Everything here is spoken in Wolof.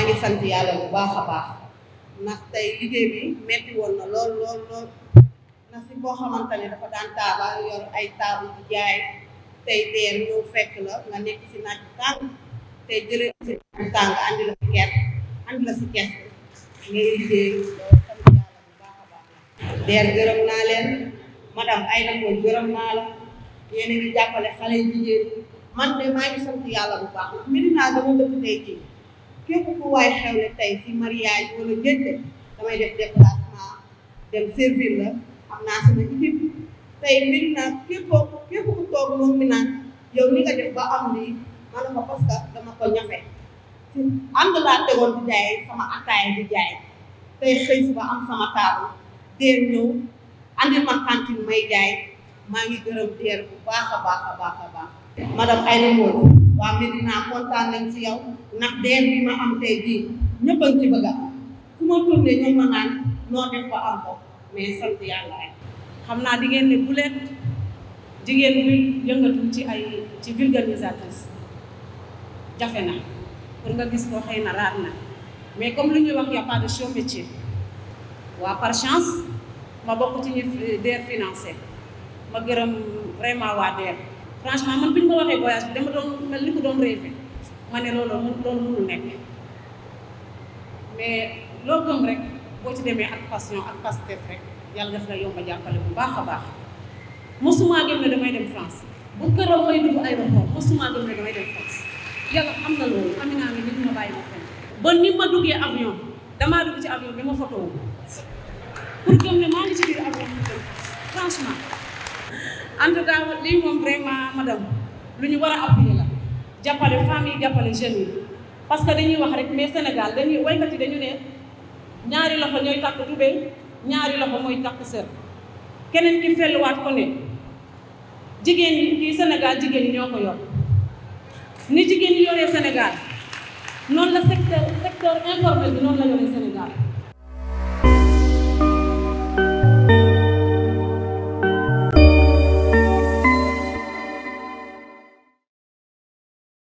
maa ngi sant yàlla bu baax a baax ndax tey liggéey bi metti woon na lool lool lool ndax si boo xamante ne dafa daan taaba yor ay taabu di jaay tey deer ñëw fekk la nga nekk si naaj bu tàng tey jëlee si tàng andi loolu sant yàlla bu baax a baax deer gërëm naa leen madame Aïda Mbodj gërëm naa la yéen a ngi jàppale xale jigéen man de maa ngi sant yàlla bu baax ndax naa dama dëkk tey képp ku waay xewle tey si mariage wala ngénte damay def déplacement dem servir la am naa sama équipe tey mbir naa képp képp ku toog moom mi naan yow ni nga def ba am lii ma ne ko parce dama ko ñafe si ànd laa tegoon di jaay sama attaaya di jaay tey xëy suba am sama taabu dee ñëw andi ma cantine may jaay maa ngi gërëm teer bu baax a baax a baax a baax madame Aïda Mbodj waa Medina kontaan nañ si yow ndax deer bi ma am tey jii ñëpp a ngi ci ma tourné ñoom ma naan noo am ko mais sant yàlla rek xam naa di ngeen ne bu leen jigéen bi ci ay ci vulgarisatrice jafe na pour nga gis ko xëy na raar na mais comme lu ñuy wax y a pas waa par chance ma bokk ci ñu DER financé ma gërëm vraiment waa DER franchement man bi ñu ma waxee voyage bi dama doon mel ni ko doon ma ne loolu loolu mënul nekk loo gëm rek boo ci demee ak passion ak pastef rek yàlla daf a jàppale bu baax a baax mosuma gëm ne damay dem France bu këram may dugg ma bàyyi ma fenn ba ni ma duggee avion damaa ci avion bi ma photo pour gëm ne maa ngi ci biir avion bi franchement en tout cas lii moom vraiment madame lu ñu war a appuyer la jàppale femmes yi jàppale jeunes yi parce que dañuy wax rek mais Sénégal dañuy woykati yi dañu ne ñaari loxo ñooy takk tubéy ñaari loxo mooy takk sër keneen ki felluwaat ko ne jigéen ñi kii Sénégal jigéen ñi ñoo ko yor ni jigéen ñi yoree Sénégal noonu la secteur secteur informel bi noonu la yoree Sénégal